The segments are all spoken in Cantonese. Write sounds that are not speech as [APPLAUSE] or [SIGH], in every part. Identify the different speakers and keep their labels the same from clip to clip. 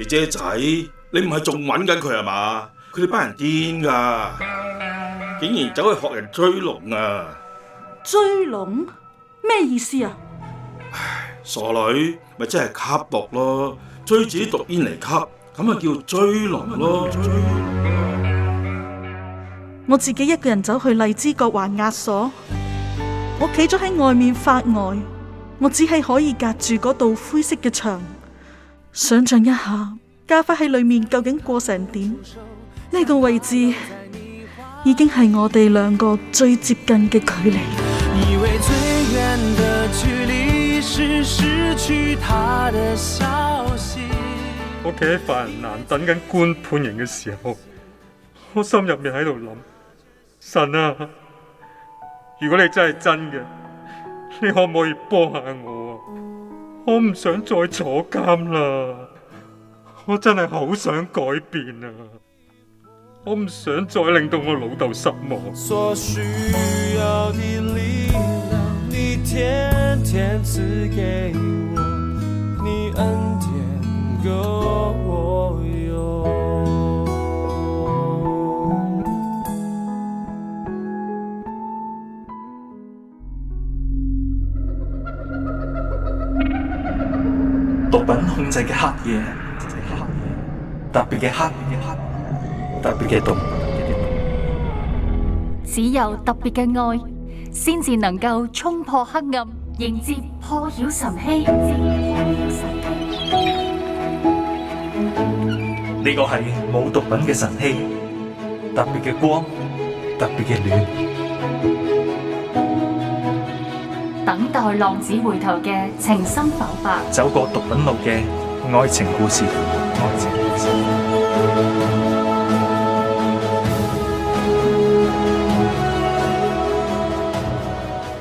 Speaker 1: 你姐仔，你唔係仲搵緊佢係嘛？佢哋班人癲噶，
Speaker 2: 竟
Speaker 1: 然走去學人追龍啊！
Speaker 2: 追龍咩意思啊？唉
Speaker 1: 傻女，咪真係吸毒咯，追自己毒煙嚟吸，咁咪叫追龍咯。追
Speaker 2: 龍我自己一個人走去荔枝角環押所，我企咗喺外面發呆，我只係可以隔住嗰度灰色嘅牆。想象一下，家花喺裏面究竟過成點？呢個位置已經係我哋兩個最接近嘅距離。
Speaker 3: 以為最遠嘅距離是失去他
Speaker 2: 的消息。
Speaker 3: 我企喺犯人欄等緊官判刑嘅時候，我心入面喺度諗：神啊，如果你真係真嘅，你可唔可以幫下我啊？我唔想再坐監啦，我真係好想改變啊！我唔想再令到我老豆失望。
Speaker 4: 毒品控制嘅黑夜，特別嘅黑，
Speaker 3: 特別嘅毒。
Speaker 4: 只有特別嘅愛，先至能夠衝破黑暗，迎接破曉晨曦。
Speaker 3: 呢個係冇毒品嘅晨
Speaker 4: 曦，特別嘅光，特別嘅暖。
Speaker 2: 等待浪子回頭嘅情深守白，
Speaker 4: 走過毒品路嘅愛情故事。愛情故事。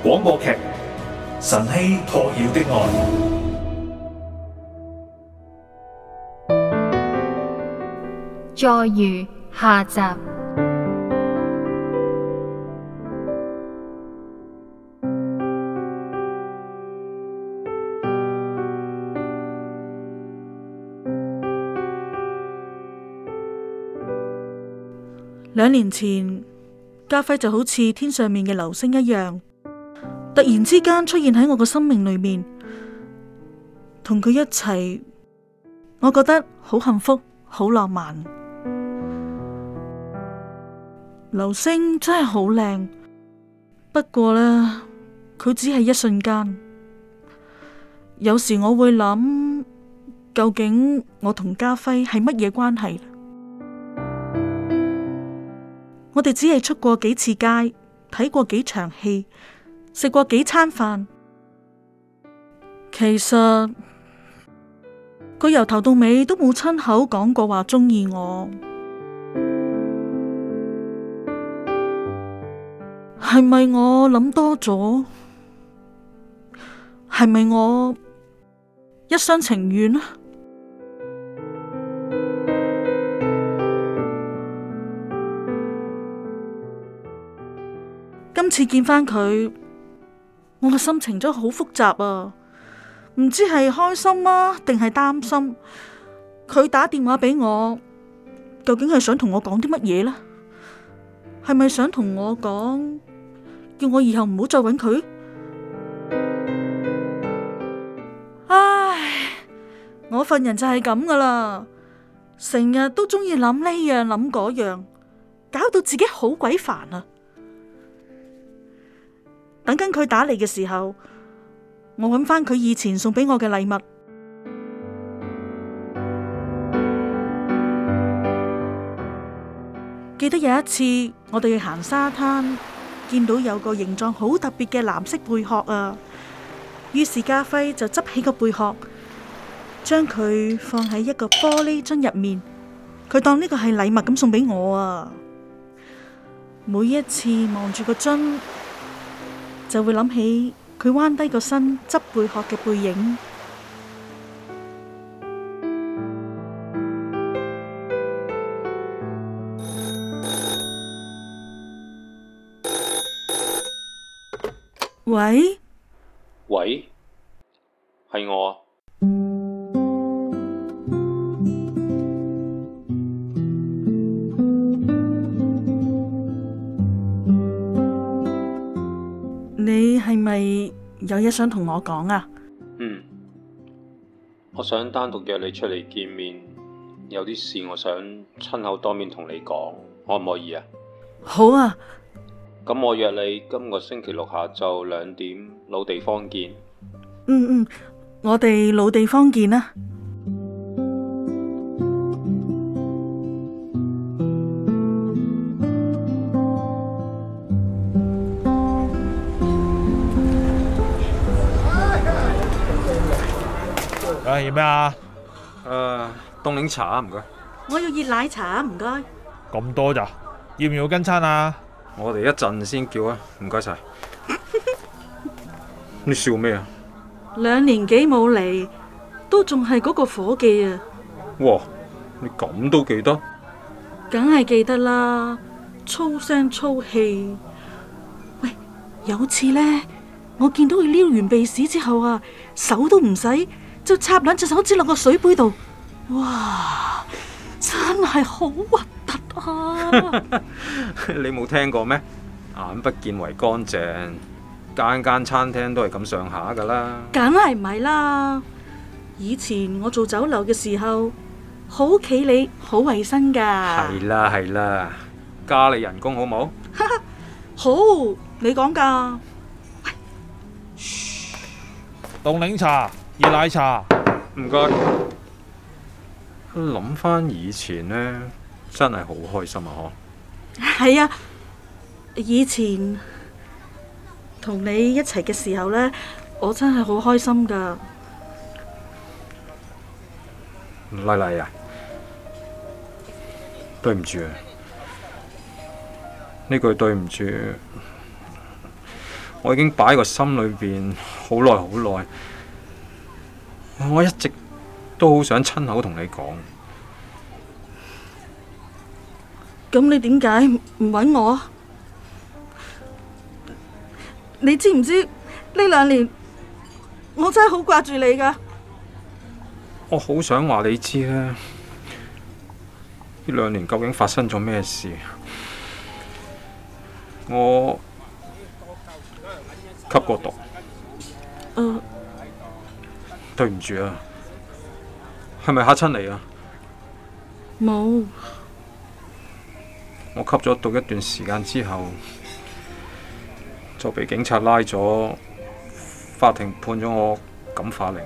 Speaker 1: 廣播劇《晨曦破曉的愛》，
Speaker 4: 再遇下集。
Speaker 2: 幾年前，家輝就好似天上面嘅流星一樣，突然之間出現喺我嘅生命裏面，同佢一齊，我覺得好幸福，好浪漫。流星真係好靚，不過呢，佢只係一瞬間。有時我會諗，究竟我同家輝係乜嘢關係？我哋只係出過幾次街，睇過幾場戲，食過幾餐飯。其實佢由頭到尾都冇親口講過話中意我，係咪我諗多咗？係咪我一廂情願？次見翻佢，我嘅心情都好複雜啊！唔知係開心啊，定係擔心？佢打電話俾我，究竟係想同我講啲乜嘢呢？係咪想同我講，叫我以後唔好再揾佢？唉，我份人就係咁噶啦，成日都中意諗呢樣諗嗰樣，搞到自己好鬼煩啊！等緊佢打嚟嘅時候，我揾翻佢以前送俾我嘅禮物。 [NOISE] 記得有一次，我哋去行沙灘，見到有個形狀好特別嘅藍色貝殼啊。於是家輝就執起個貝殼，將佢放喺一個玻璃樽入面，佢當呢個係禮物咁送俾我啊。每一次望住個樽。就會諗起佢彎低個身執貝殼嘅背影。喂？
Speaker 4: 喂？係我。
Speaker 2: 係咪有嘢想同我講啊？嗯，
Speaker 4: 我想單獨約你出嚟，見面有啲事我想親口當面同你講，可唔可以啊？
Speaker 2: 好啊，
Speaker 4: 咁我約你今個星期六下晝兩點老地方見。
Speaker 2: 嗯嗯，我哋老地方見啊。
Speaker 4: 凍檸茶啊，唔該。
Speaker 2: 我要熱奶茶啊，唔該。
Speaker 4: 咁多咋？要唔要跟餐啊？我哋一陣先叫啊，唔該晒。你笑咩啊？
Speaker 2: 兩年幾冇嚟，都仲係嗰個伙計啊！
Speaker 4: 哇，你咁都記得？
Speaker 2: 梗係記得啦，粗聲粗氣。喂，有次咧，我見到佢撩完鼻屎之後啊，手都唔使就插兩隻手指落個水杯度。哇！真係好核突啊！
Speaker 4: [LAUGHS] 你冇聽過咩？眼不見為乾淨，間間餐廳都係咁上下噶啦。
Speaker 2: 梗係唔係啦！以前我做酒樓嘅時候，好企理，好衛生噶。
Speaker 4: 係啦係啦，加你人工好唔好？
Speaker 2: [LAUGHS] 好，你講噶。噓。
Speaker 4: 凍檸茶、熱奶茶，唔該。諗翻以前呢，真係好開心啊！嗬，
Speaker 2: 係啊，以前同你一齊嘅時候呢，我真係好開心噶。
Speaker 4: 麗麗啊，對唔住啊，呢句對唔住，我已經擺喺個心裏邊好耐好耐，我一直。都好想親口同你講，
Speaker 2: 咁你點解唔搵我？你知唔知呢兩年我真係好掛住你噶？
Speaker 4: 我好想話你知啦，呢兩年究竟發生咗咩事？我吸過毒，嗯，對唔住啊。係咪嚇親你啊？
Speaker 2: 冇。
Speaker 4: 我吸咗毒一段時間之後，就被警察拉咗，法庭判咗我感化令。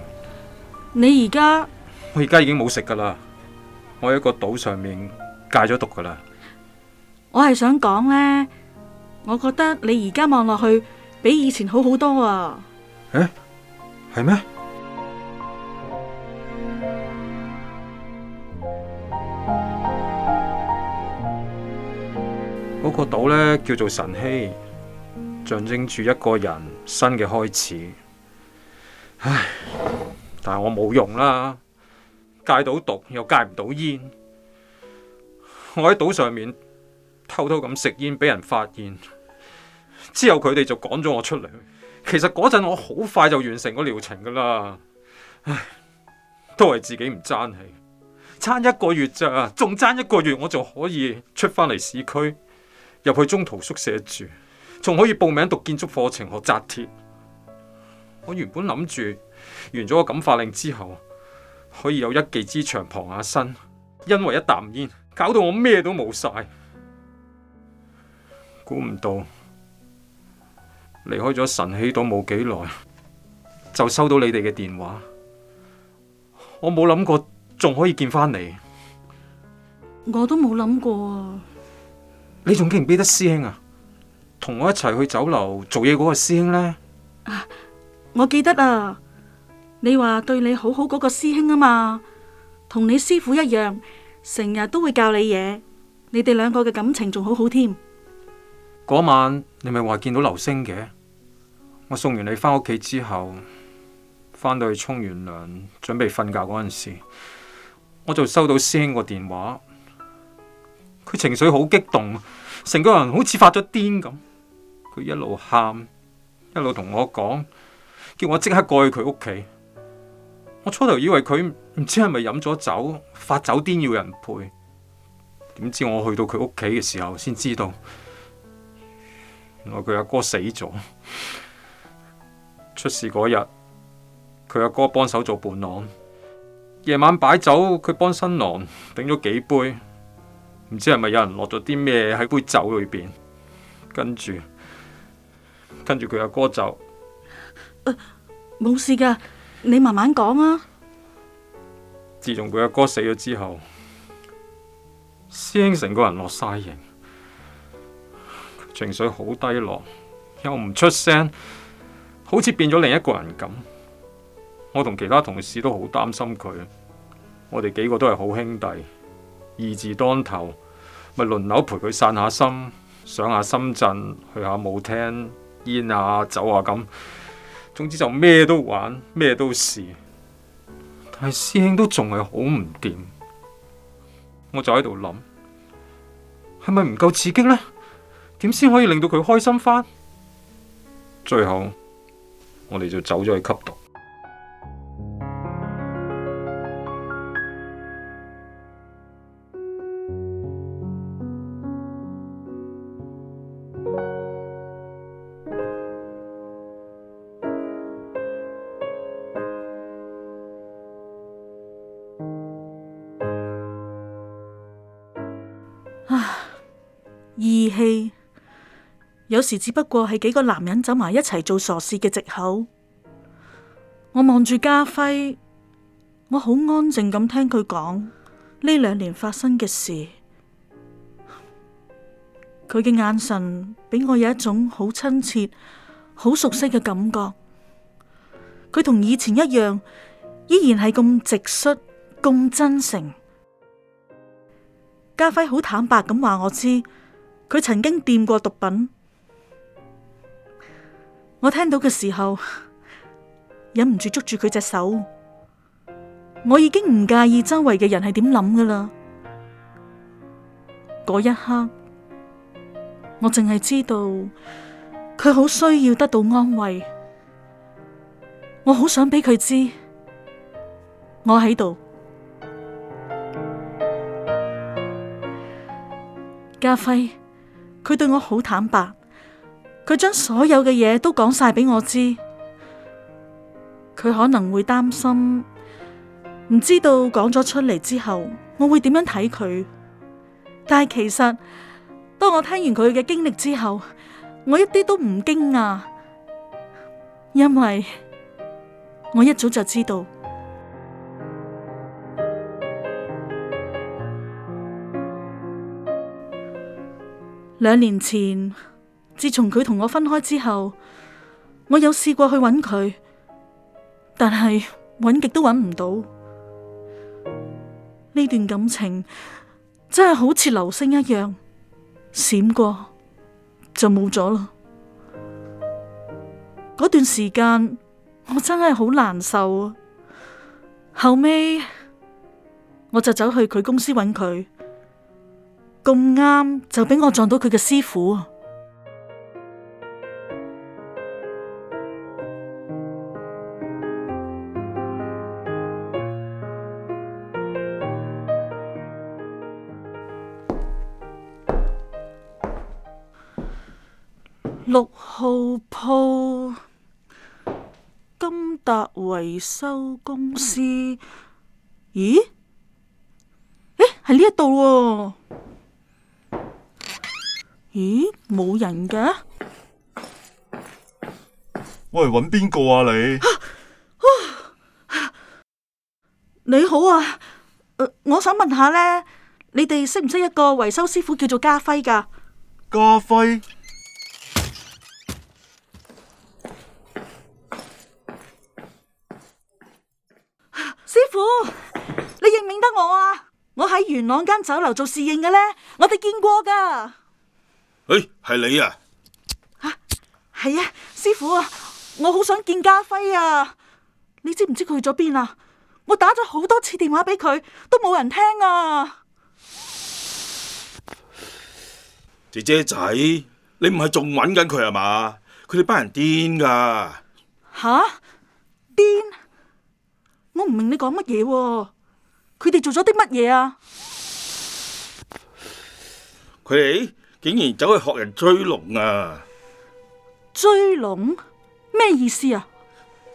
Speaker 2: 你而家？
Speaker 4: 我而家已經冇食噶啦，我喺個島上面戒咗毒噶啦。
Speaker 2: 我係想講咧，我覺得你而家望落去，比以前好好多啊。
Speaker 4: 誒，係咩？島咧叫做晨曦，象徵住一個人新嘅開始。唉，但係我冇用啦，戒到毒又戒唔到煙。我喺島上面偷偷咁食煙，俾人發現之後，佢哋就趕咗我出嚟。其實嗰陣我好快就完成個療程㗎啦。唉，都係自己唔爭氣，爭一個月咋，仲爭一個月，我就可以出翻嚟市區。入去中途宿舍住，仲可以報名讀建築課程學紮鐵。我原本諗住完咗個感化令之後，可以有一技之長傍下身。因為一啖煙，搞到我咩都冇晒。估唔到離開咗神喜島冇幾耐，就收到你哋嘅電話。我冇諗過仲可以見翻你。
Speaker 2: 我都冇諗過啊。
Speaker 4: 你仲記唔記得師兄啊？同我一齊去酒樓做嘢嗰個師兄呢？
Speaker 2: 我記得啊，你話對你好好嗰個師兄啊嘛，同你師傅一樣，成日都會教你嘢，你哋兩個嘅感情仲好好添。
Speaker 4: 嗰晚你咪話見到流星嘅，我送完你翻屋企之後，翻到去沖完涼準備瞓覺嗰陣時，我就收到師兄個電話。佢情緒好激動，成個人好似發咗癲咁。佢一路喊，一路同我講，叫我即刻過去佢屋企。我初頭以為佢唔知係咪飲咗酒發酒癲要人陪，點知我去到佢屋企嘅時候先知道，原來佢阿哥死咗。出事嗰日，佢阿哥幫手做伴郎，夜晚擺酒，佢幫新郎頂咗幾杯。唔知係咪有人落咗啲咩喺杯酒裏邊，跟住跟住佢阿哥就
Speaker 2: 呃，冇事噶，你慢慢講啊。
Speaker 4: 自從佢阿哥死咗之後，師兄成個人落晒型，情緒好低落，又唔出聲，好似變咗另一個人咁。我同其他同事都好擔心佢，我哋幾個都係好兄弟，義字當頭。咪輪流陪佢散下心，上下深圳，去下舞廳，煙啊酒啊咁，總之就咩都玩，咩都試。但係師兄都仲係好唔掂，我就喺度諗，係咪唔夠刺激咧？點先可以令到佢開心翻？最後我哋就走咗去吸毒。
Speaker 2: 時只不過係幾個男人走埋一齊做傻事嘅借口。我望住家輝，我好安靜咁聽佢講呢兩年發生嘅事。佢嘅眼神俾我有一種好親切、好熟悉嘅感覺。佢同以前一樣，依然係咁直率、咁真誠。家輝好坦白咁話我知，佢曾經掂過毒品。我聽到嘅時候，忍唔住捉住佢隻手。我已經唔介意周圍嘅人係點諗噶啦。嗰一刻，我淨係知道佢好需要得到安慰。我好想俾佢知，我喺度。家輝，佢對我好坦白。佢將所有嘅嘢都講晒俾我知。佢可能會擔心，唔知道講咗出嚟之後我會點樣睇佢。但係其實，當我聽完佢嘅經歷之後，我一啲都唔驚訝，因為我一早就知道 [MUSIC] 兩年前。自從佢同我分開之後，我有試過去揾佢，但係揾極都揾唔到。呢段感情真係好似流星一樣閃過就冇咗啦。嗰段時間我真係好難受啊。後尾我就走去佢公司揾佢，咁啱就俾我撞到佢嘅師傅。號金達維修公司？咦？誒，喺呢一度喎？咦，冇人噶？
Speaker 3: 喂，搵邊個啊？你？
Speaker 2: 你好啊，誒，我想問下咧，你哋識唔識一個維修師傅叫做家輝噶？家輝？我喺元朗間酒樓做侍應嘅咧，我哋見過噶。誒、
Speaker 1: 哎，係你啊？吓、
Speaker 2: 啊，係啊，師傅，啊，我好想見家輝啊！你知唔知佢去咗邊啊？我打咗好多次電話俾佢，都冇人聽啊！
Speaker 1: 姐姐仔，你唔係仲搵緊佢啊嘛？佢哋班人癲噶！吓？
Speaker 2: 癲？我唔明你講乜嘢喎？佢哋做咗啲乜嘢啊？
Speaker 1: 佢哋竟然走去學人追龍啊！
Speaker 2: 追龍咩意思啊？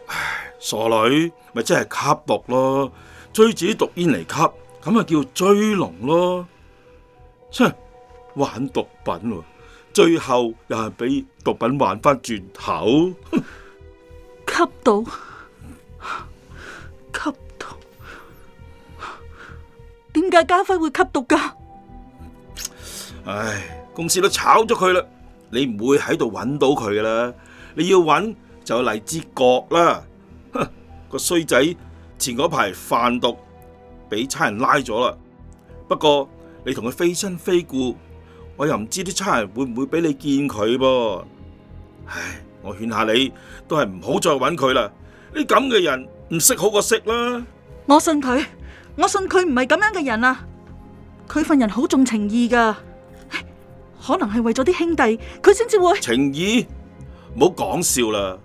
Speaker 2: 唉，
Speaker 1: 傻女，咪即係吸毒咯，追自己毒煙嚟吸，咁咪叫追龍咯。玩毒品咯，最後又係俾毒品玩翻轉頭。
Speaker 2: [LAUGHS] 吸到吸。點解家輝會吸毒噶？
Speaker 1: 唉，公司都炒咗佢啦，你唔會喺度搵到佢噶啦。你要搵就荔枝角啦。個衰仔前嗰排販毒，俾差人拉咗啦。不過你同佢非親非故，我又唔知啲差人會唔會俾你見佢噃。唉，我勸下你，都係唔好再搵佢啦。呢咁嘅人唔識好過識啦。
Speaker 2: 我信佢。我信佢唔係咁樣嘅人啊！佢份人好重情義㗎，可能係為咗啲兄弟，佢先至會。
Speaker 1: 情義？唔好講笑啦！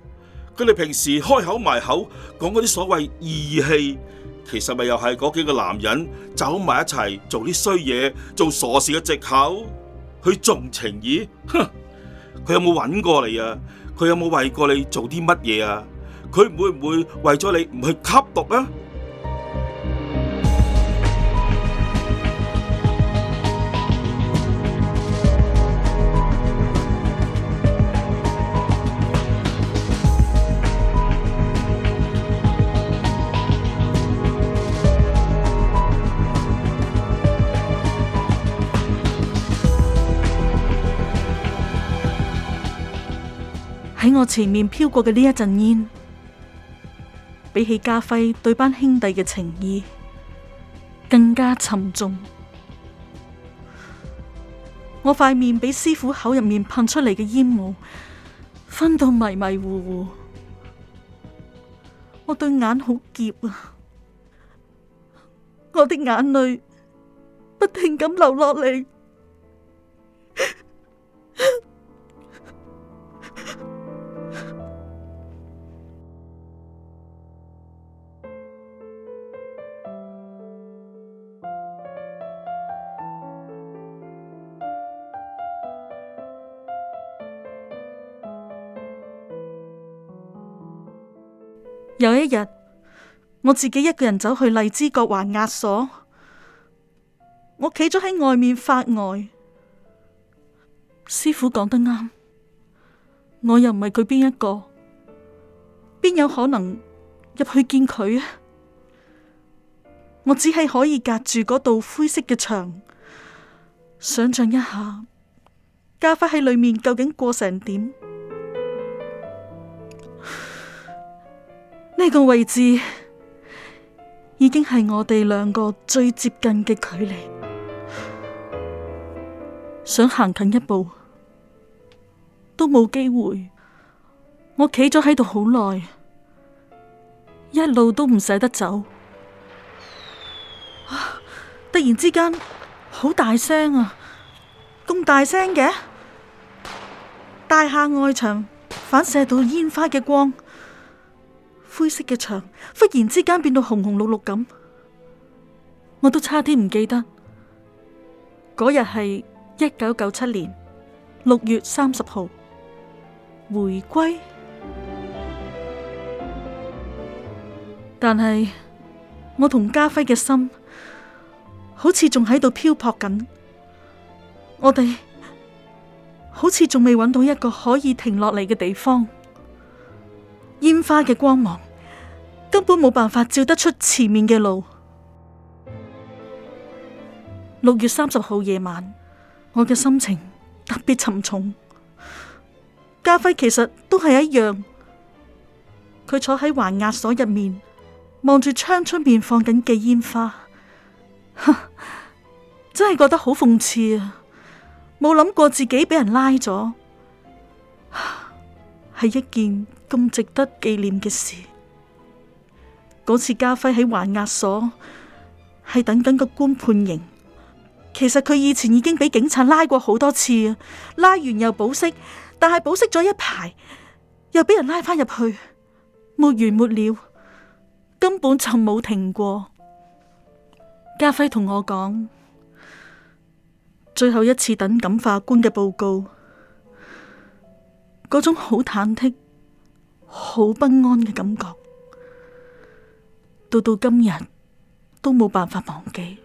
Speaker 1: 佢哋平時開口埋口講嗰啲所謂義氣，其實咪又係嗰幾個男人走埋一齊做啲衰嘢、做傻事嘅借口？佢重情義，哼！佢有冇揾過你啊？佢有冇為過你做啲乜嘢啊？佢會唔會為咗你唔去吸毒啊？
Speaker 2: 我前面飄過嘅呢一陣煙，比起家輝對班兄弟嘅情意更加沉重。我塊面俾師傅口入面噴出嚟嘅煙霧，燻到迷迷糊糊，我對眼好澀啊！我的眼淚不停咁流落嚟。有一日，我自己一個人走去荔枝角還押所，我企咗喺外面發呆。師傅講得啱，我又唔係佢邊一個，邊有可能入去見佢啊？我只係可以隔住嗰道灰色嘅牆，想象一下，家輝喺裏面究竟過成點？呢個位置已經係我哋兩個最接近嘅距離，想行近一步都冇機會。我企咗喺度好耐，一路都唔捨得走。突然之間，好大聲啊！咁大聲嘅大廈外牆反射到煙花嘅光。灰色嘅牆忽然之間變到紅紅綠綠咁，我都差啲唔記得嗰日係一九九七年六月三十號回歸，但係我同家輝嘅心好似仲喺度漂泊緊，我哋好似仲未搵到一個可以停落嚟嘅地方。煙花嘅光芒根本冇辦法照得出前面嘅路。六月三十號夜晚，我嘅心情特別沉重。家輝其實都係一樣，佢坐喺還押所入面，望住窗出面放緊嘅煙花，真係覺得好諷刺啊！冇諗過自己俾人拉咗，係一件。咁值得紀念嘅事，嗰次家輝喺還押所係等緊個官判刑，其實佢以前已經俾警察拉過好多次啊，拉完又保釋，但係保釋咗一排又俾人拉翻入去，沒完沒了，根本就冇停過。家輝同我講，最後一次等感化官嘅報告，嗰種好忐忑，好不安嘅感覺，到到今日都冇辦法忘記。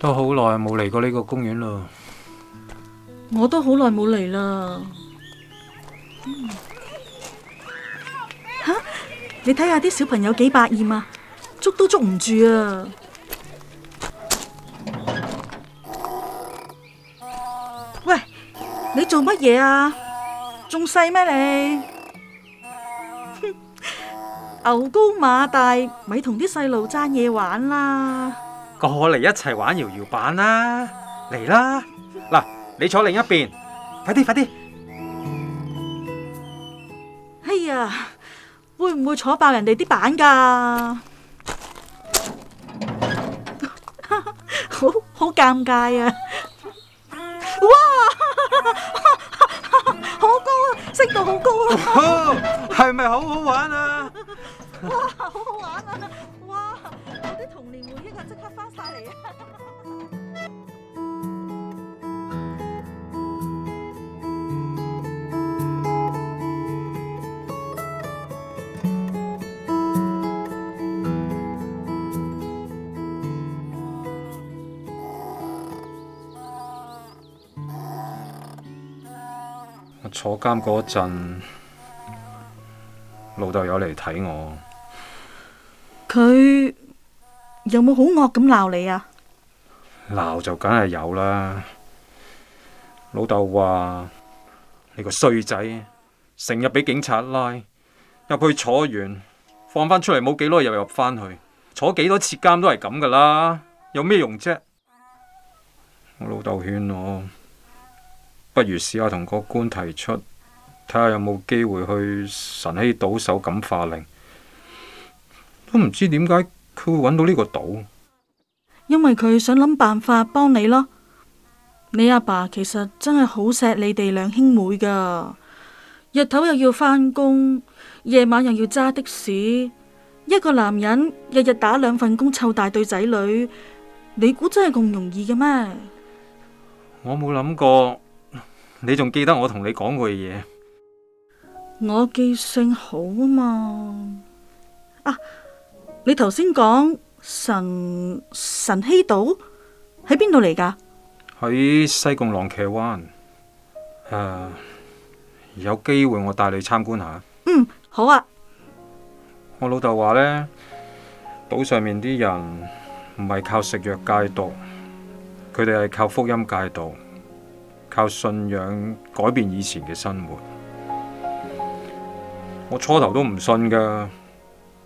Speaker 4: 都好耐冇嚟過呢個公園咯，
Speaker 2: 我都好耐冇嚟啦。吓，你睇下啲小朋友幾百厭啊，捉都捉唔住啊！喂，你做乜嘢啊？仲細咩你？ [LAUGHS] 牛高馬大咪同啲細路爭嘢玩啦！
Speaker 4: 過嚟一齊玩搖搖板啦！嚟啦！嗱，你坐另一邊，快啲快啲！
Speaker 2: 哎呀，會唔會坐爆人哋啲板噶？好好尷尬啊！哇，好高啊，升到好高啊！係咪好好玩啊？哇，好好玩啊！
Speaker 4: 坐監嗰陣，老豆有嚟睇我。
Speaker 2: 佢有冇好惡咁鬧你啊？
Speaker 4: 鬧就梗係有啦。老豆話：你個衰仔，成日俾警察拉入去坐完，放返出嚟冇幾耐又入返去，坐幾多次監都係咁噶啦，有咩用啫？我老豆勸我。不如試下同個官提出，睇下有冇機會去晨曦島手感化令。都唔知點解佢會揾到呢個島。
Speaker 2: 因為佢想諗辦法幫你咯。你阿爸,爸其實真係好錫你哋兩兄妹噶。日頭又要返工，夜晚又要揸的士，一個男人日日打兩份工，湊大對仔女，你估真係咁容易嘅咩？
Speaker 4: 我冇諗過。你仲記得我同你講過嘅嘢？
Speaker 2: 我記性好啊嘛！啊，你頭先講晨晨曦島喺邊度嚟㗎？
Speaker 4: 喺西貢浪茄灣。誒、啊，有機會我帶你參觀下。嗯，
Speaker 2: 好啊。
Speaker 4: 我老豆話咧，島上面啲人唔係靠食藥戒毒，佢哋係靠福音戒毒。靠信仰改變以前嘅生活，我初頭都唔信噶，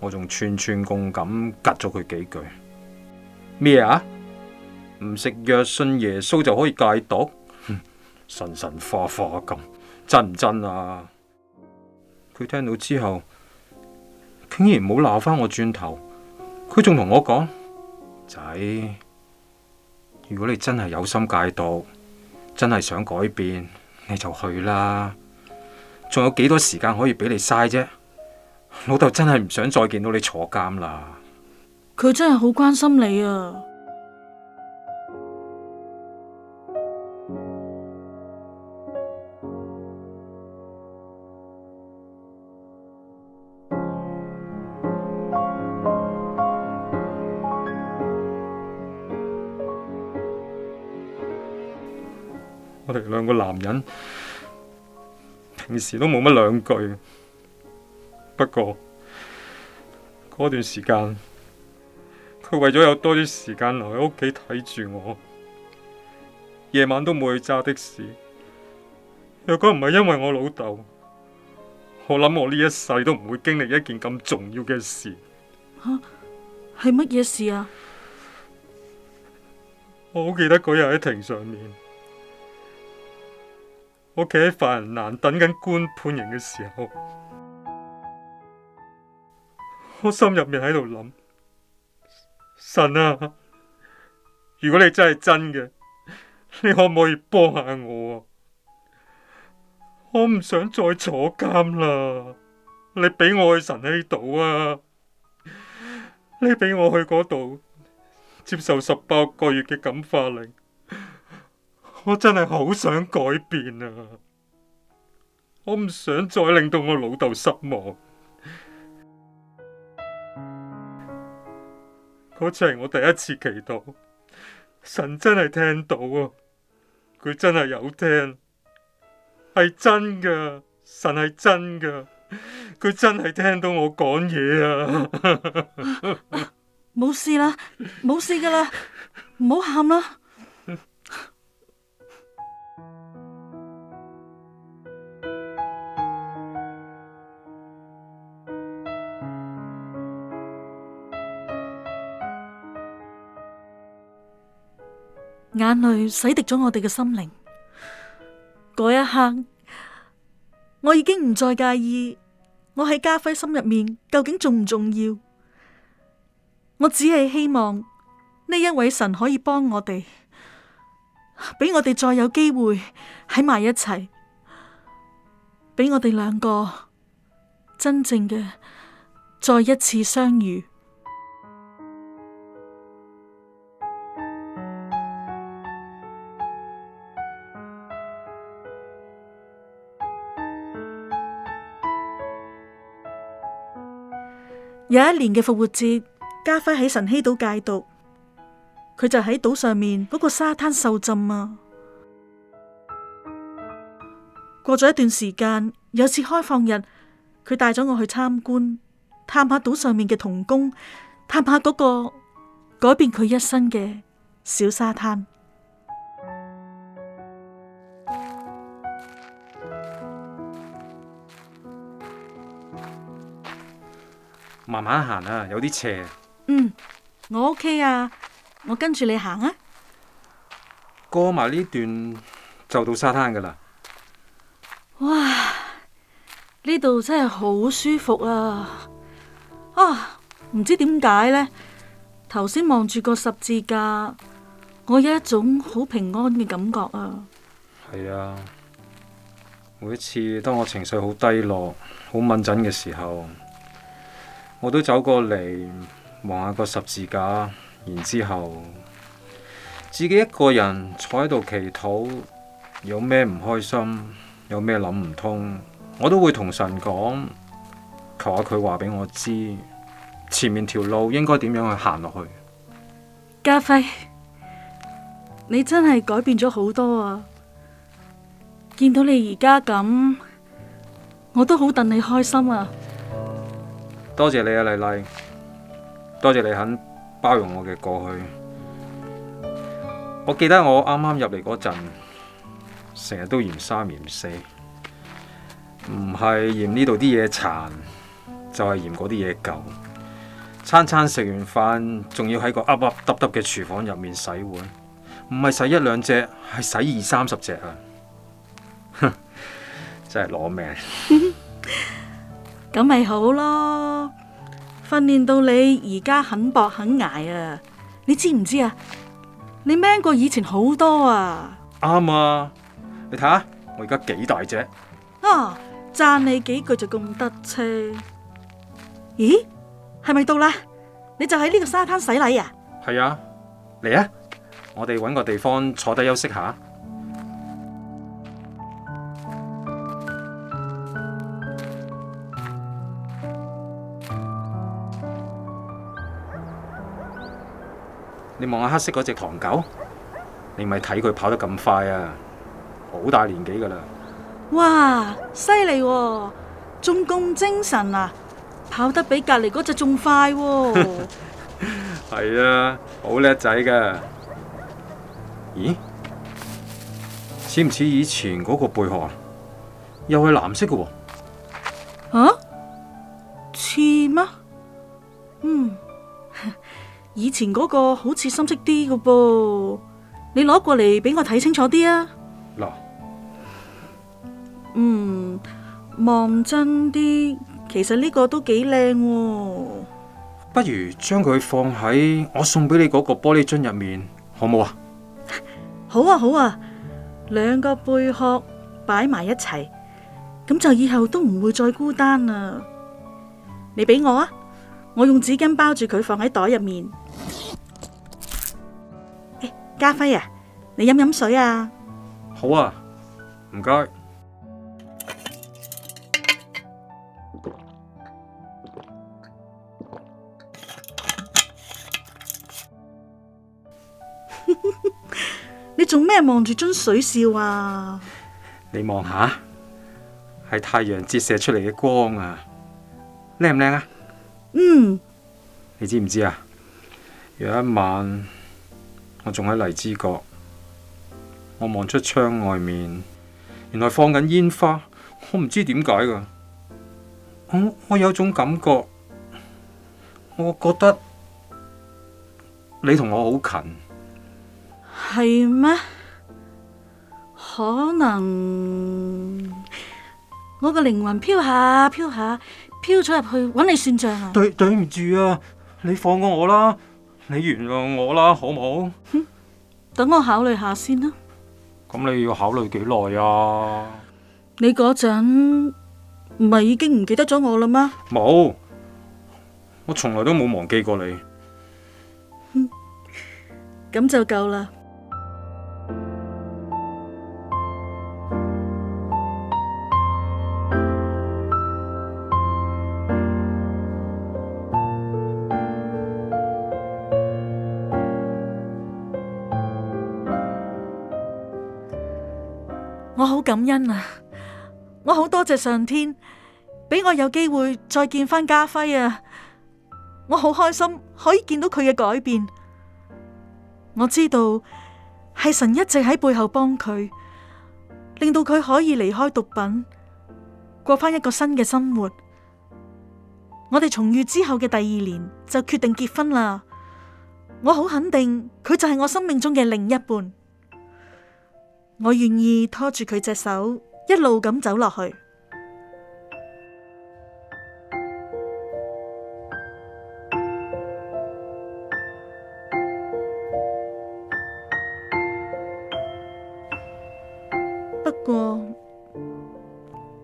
Speaker 4: 我仲串串共咁吉咗佢幾句。咩啊？唔食藥信耶穌就可以戒毒？神神化化咁，真唔真啊？佢聽到之後，竟然冇好鬧翻我轉頭，佢仲同我講：仔，如果你真係有心戒毒。真係想改變，你就去啦！仲有幾多時間可以俾你嘥啫？老豆真係唔想再見到你坐監啦！
Speaker 2: 佢真係好關心你啊！
Speaker 3: 我哋兩個男人平時都冇乜兩句，不過嗰段時間，佢為咗有多啲時間留喺屋企睇住我，夜晚都冇去揸的士。若果唔係因為我老豆，我諗我呢一世都唔會經歷一件咁重要嘅事。
Speaker 2: 吓？啊，係乜嘢事啊？
Speaker 3: 我好記得嗰日喺庭上面。我企喺犯人欄等緊官判刑嘅時候，我心入面喺度諗：神啊，如果你真係真嘅，你可唔可以幫下我啊？我唔想再坐監啦！你俾我去神嗰度啊！你俾我去嗰度接受十八個月嘅感化令。我真係好想改變啊！我唔想再令到我老豆失望。嗰次係我第一次祈禱，神真係聽到啊！佢真係有聽，係真噶！神係真噶！佢真係聽到我講嘢啊！
Speaker 2: 冇 [LAUGHS] 事啦，冇事噶啦，唔好喊啦！眼淚洗滌咗我哋嘅心靈，嗰一刻我已經唔再介意，我喺家輝心入面究竟重唔重要？我只係希望呢一位神可以幫我哋，俾我哋再有機會喺埋一齊，俾我哋兩個真正嘅再一次相遇。有一年嘅復活節，家輝喺晨曦島戒毒，佢就喺島上面嗰個沙灘受浸啊。過咗一段時間，有次開放日，佢帶咗我去參觀，探下島上面嘅童工，探下嗰個改變佢一生嘅小沙灘。
Speaker 4: 慢慢行啊，有啲斜。
Speaker 2: 嗯，我 OK 啊，我跟住你行啊。
Speaker 4: 過埋呢段就到沙灘噶啦。
Speaker 2: 哇！呢度真係好舒服啊！啊，唔知點解呢？頭先望住個十字架，我有一種好平安嘅感覺啊。
Speaker 4: 係啊，每一次當我情緒好低落、好敏感嘅時候。我都走過嚟望下個十字架，然之後自己一個人坐喺度祈禱，有咩唔開心，有咩諗唔通，我都會同神講，求下佢話俾我知，前面條路應該點樣去行落去。
Speaker 2: 家輝，你真係改變咗好多啊！見到你而家咁，我都好戥你開心啊！
Speaker 4: 多謝你啊，麗麗。多謝你肯包容我嘅過去。我記得我啱啱入嚟嗰陣，成日都嫌三嫌四，唔係嫌呢度啲嘢殘，就係嫌嗰啲嘢舊。餐餐食完飯，仲要喺個噏噏揼揼嘅廚房入面洗碗，唔係洗一兩隻，係洗二三十隻啊！哼，真係攞命。 [LAUGHS]
Speaker 2: 咁咪好咯！訓練到你而家肯搏、肯捱啊！你知唔知啊？你 man 過以前好多啊！
Speaker 4: 啱啊！你睇下我而家幾大隻
Speaker 2: 啊！哦，讚你幾句就咁得戚？咦，係咪到啦？你就喺呢個沙灘洗禮啊？
Speaker 4: 係啊！嚟啊！我哋搵個地方坐低休息下。你望下黑色嗰隻唐狗，你咪睇佢跑得咁快啊！好大年紀噶啦，
Speaker 2: 哇，犀利，仲咁精神啊，跑得比隔籬嗰隻仲快。
Speaker 4: 係啊，好叻仔噶。咦，似唔似以前嗰個貝殼啊？又係藍色噶。
Speaker 2: 以前嗰個好似深色啲嘅噃，你攞過嚟俾我睇清楚啲啊！嗱，嗯，望真啲，其實呢個都幾靚啊。
Speaker 4: 不如將佢放喺我送俾你嗰個玻璃樽入面，好唔
Speaker 2: 好啊？好啊，好啊，兩個貝殼擺埋一齊，咁就以後都唔會再孤單啦。你俾我啊，我用紙巾包住佢，放喺袋入面。嘉輝、欸、啊，你飲飲水啊。
Speaker 4: 好啊，唔該。
Speaker 2: [LAUGHS] 你做咩望住樽水笑啊？
Speaker 4: 你望下，係太陽折射出嚟嘅光啊，靚唔靚啊？嗯，你知唔知啊？有一晚，我仲喺荔枝角，我望出窗外面，原來放緊煙花。我唔知點解㗎，我我有種感覺，我覺得你同我好近，
Speaker 2: 係咩？可能我個靈魂飄下飄下飄咗入去揾你算賬啊！
Speaker 4: 對對唔住啊，你放過我啦。你原諒我啦，好唔好？
Speaker 2: 等、嗯、我考慮下先啦。
Speaker 4: 咁你要考慮幾耐啊？
Speaker 2: 你嗰陣唔係已經唔記得咗我啦咩？
Speaker 4: 冇，我從來都冇忘記過你。
Speaker 2: 咁、嗯、就夠啦。感恩啊！我好多謝上天，俾我有機會再見翻家輝啊！我好開心可以見到佢嘅改變，我知道係神一直喺背後幫佢，令到佢可以離開毒品，過翻一個新嘅生活。我哋重遇之後嘅第二年就決定結婚啦！我好肯定佢就係我生命中嘅另一半。我願意拖住佢隻手，一路咁走落去。 [MUSIC] 不過，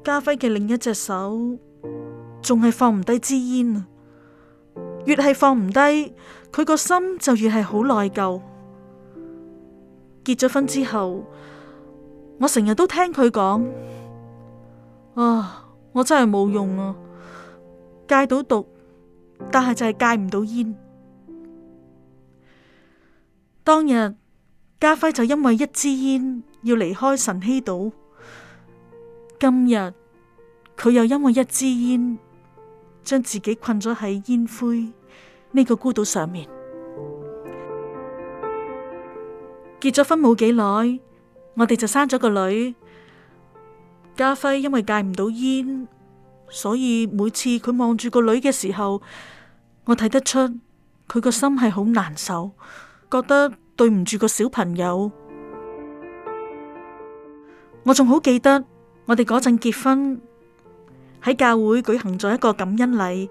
Speaker 2: 家輝嘅另一隻手仲係放唔低支煙，越係放唔低，佢個心就越係好內疚。結咗婚之後。我成日都聽佢講，啊、哦，我真係冇用啊，戒到毒，但係就係戒唔到煙。當日家輝就因為一支煙要離開晨曦島，今日佢又因為一支煙將自己困咗喺煙灰呢、這個孤島上面。結咗婚冇幾耐。我哋就生咗個女，家輝因為戒唔到煙，所以每次佢望住個女嘅時候，我睇得出佢個心係好難受，覺得對唔住個小朋友。我仲好記得我哋嗰陣結婚喺教會舉行咗一個感恩禮，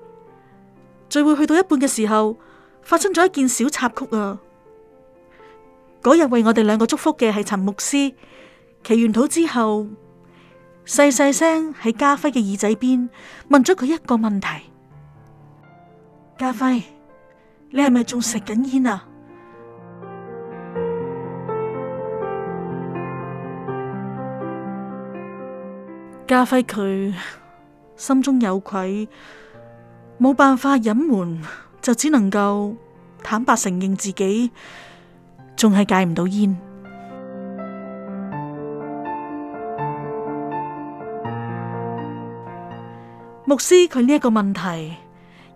Speaker 2: 聚會去到一半嘅時候，發生咗一件小插曲啊！嗰日為我哋兩個祝福嘅係陳牧師，祈完禱之後，細細聲喺家輝嘅耳仔邊問咗佢一個問題：家輝，你係咪仲食緊煙啊？家輝佢心中有愧，冇辦法隱瞞，就只能夠坦白承認自己。仲係戒唔到煙，牧師佢呢一個問題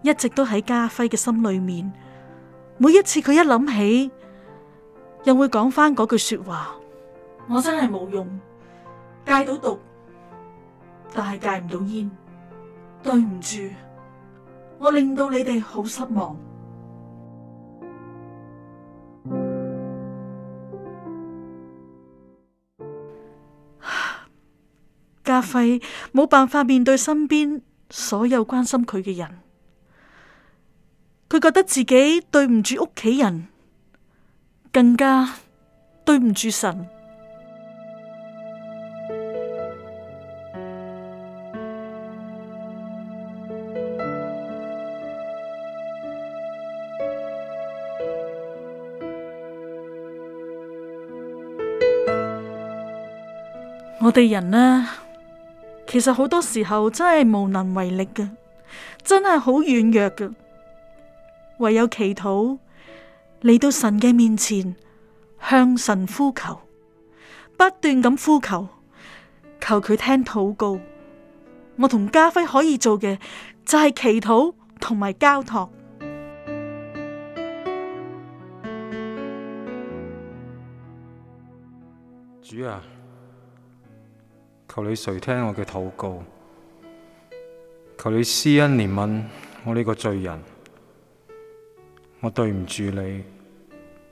Speaker 2: 一直都喺家輝嘅心裏面。每一次佢一諗起，又會講翻嗰句說話：我真係冇用，戒到毒，但係戒唔到煙。對唔住，我令到你哋好失望。家輝冇辦法面對身邊所有關心佢嘅人，佢覺得自己對唔住屋企人，更加對唔住神。我哋人呢，其實好多時候真係無能為力嘅，真係好軟弱嘅，唯有祈禱，嚟到神嘅面前，向神呼求，不斷咁呼求，求佢聽禱告。我同家輝可以做嘅，就係、是、祈禱同埋交託。
Speaker 4: 主啊！求你垂聽我嘅禱告，求你施恩憐憫我呢個罪人。我對唔住你，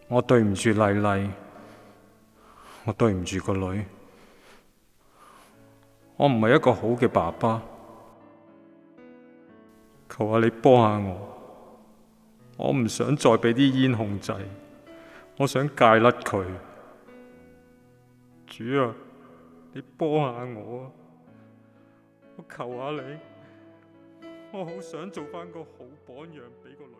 Speaker 4: 我對唔住麗麗，我對唔住個女，我唔係一個好嘅爸爸。求下你幫下我，我唔想再畀啲煙控制，我想戒甩
Speaker 3: 佢。主啊！你幫下我啊！我求下你，我好想做返個好榜樣俾個女。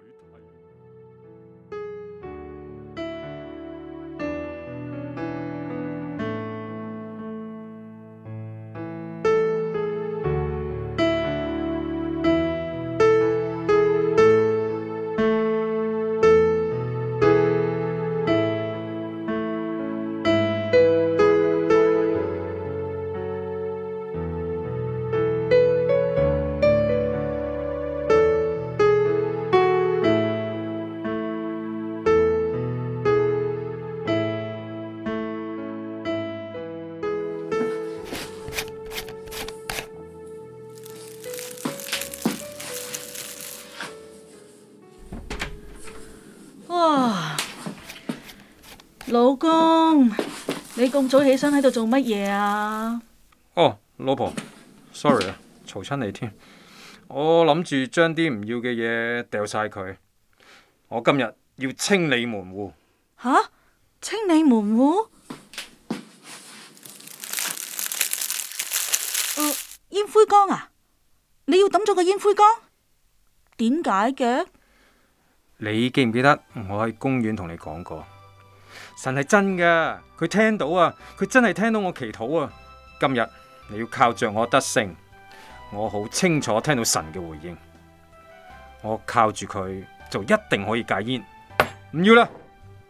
Speaker 2: 咁早起身喺度做乜嘢？啊？哦
Speaker 4: ，oh, 老婆，sorry 啊，嘈親你添。我諗住將啲唔要嘅嘢掉晒佢。我今日要清理門戶。
Speaker 2: 吓、啊，清理門戶？嗯、呃，煙灰缸啊？你要抌咗個煙灰缸？點解嘅？
Speaker 4: 你記唔記得我喺公園同你講過？神係真噶，佢聽到啊，佢真係聽到我祈禱啊！今日你要靠着我得勝，我好清楚聽到神嘅回應，我靠住佢就一定可以戒煙。唔要啦，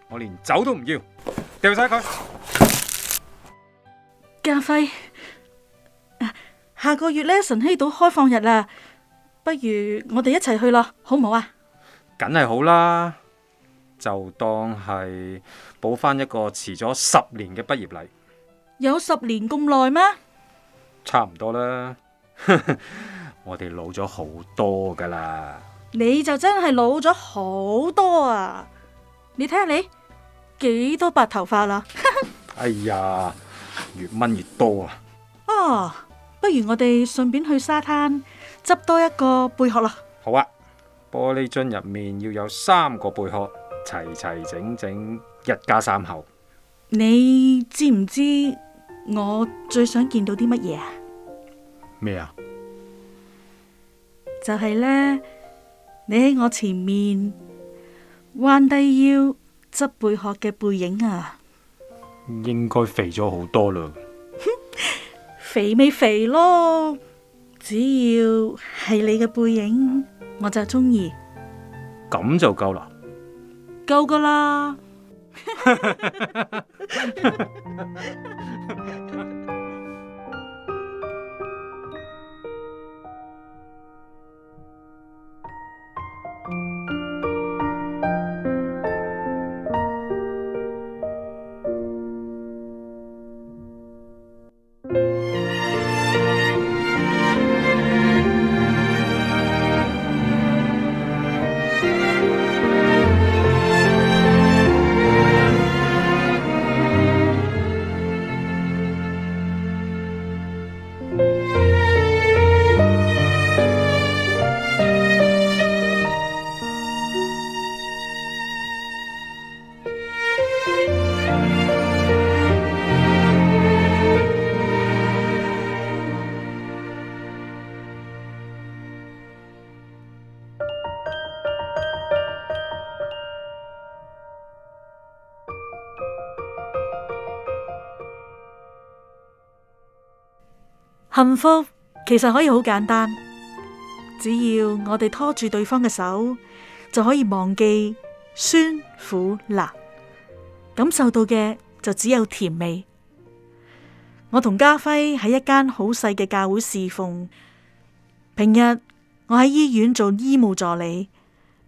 Speaker 4: 我連酒都唔要，掉曬佢。
Speaker 2: 家輝，下個月咧神禧島開放日啦，不如我哋一齊去咯，好唔好啊？
Speaker 4: 梗係好啦。就當係補翻一個遲咗十年嘅畢業禮，
Speaker 2: 有十年咁耐咩？
Speaker 4: 差唔多啦，我哋老咗好多噶啦。
Speaker 2: 你就真係老咗好多啊！你睇下你幾多白頭髮啦！
Speaker 4: 哎呀，越掹越多
Speaker 2: 啊！啊，不如我哋順便去沙灘執多一個貝殼啦。
Speaker 4: 好啊，玻璃樽入面要有三個貝殼。齊齊整整一家三口，
Speaker 2: 你知唔知我最想見到啲乜嘢啊？
Speaker 1: 咩啊麼？
Speaker 2: 就係呢，你喺我前面彎低腰執貝殼嘅背影啊！
Speaker 4: 應該肥咗好多啦，
Speaker 2: [LAUGHS] 肥未肥咯？只要係你嘅背影，我就中意，
Speaker 4: 咁就夠啦。
Speaker 2: 夠噶啦！幸福其實可以好簡單，只要我哋拖住對方嘅手，就可以忘記酸苦辣，感受到嘅就只有甜味。我同家輝喺一間好細嘅教會侍奉，平日我喺醫院做醫務助理，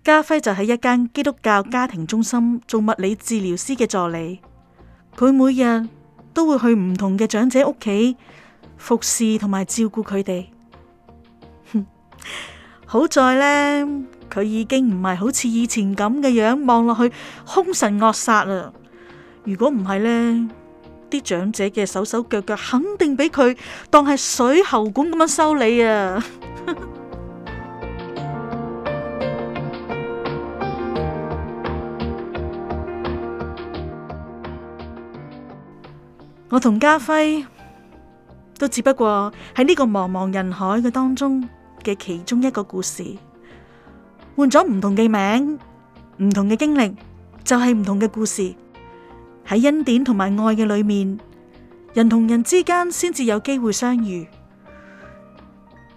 Speaker 2: 家輝就喺一間基督教家庭中心做物理治療師嘅助理，佢每日都會去唔同嘅長者屋企。服侍同埋照顧佢哋，好在呢，佢已經唔係好似以前咁嘅樣望落去凶神惡煞啦。如果唔係呢，啲長者嘅手手腳腳肯定俾佢當係水喉管咁樣修理啊！我同家輝。都只不過喺呢個茫茫人海嘅當中嘅其中一個故事換咗唔同嘅名，唔同嘅經歷，就係唔同嘅故事。喺恩典同埋愛嘅裏面，人同人之間先至有機會相遇。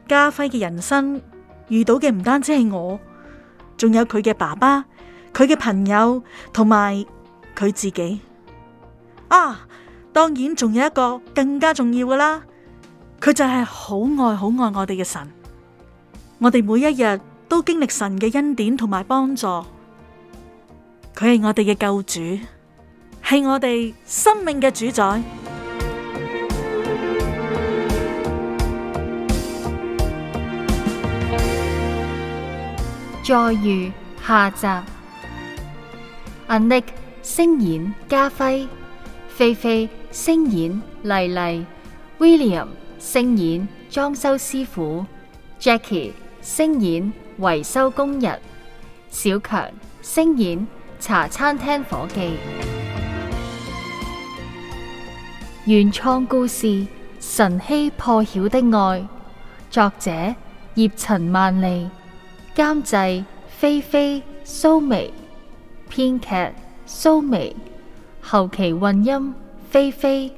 Speaker 2: 家輝嘅人生遇到嘅唔單止係我，仲有佢嘅爸爸、佢嘅朋友同埋佢自己啊！當然，仲有一個更加重要嘅啦，佢就係好愛好愛我哋嘅神，我哋每一日都經歷神嘅恩典同埋幫助，佢係我哋嘅救主，係我哋生命嘅主宰。再遇
Speaker 4: 下集，阿力聲演嘉輝菲菲、飛飛聲演麗麗，William 聲演裝修師傅，Jackie 聲演維修工人，小強聲演茶餐廳伙計。
Speaker 2: [MUSIC] 原創故事《晨曦破曉的愛》，作者葉陳萬利，監製菲
Speaker 4: 菲蘇眉，編劇蘇眉，後期
Speaker 2: 混音。菲菲。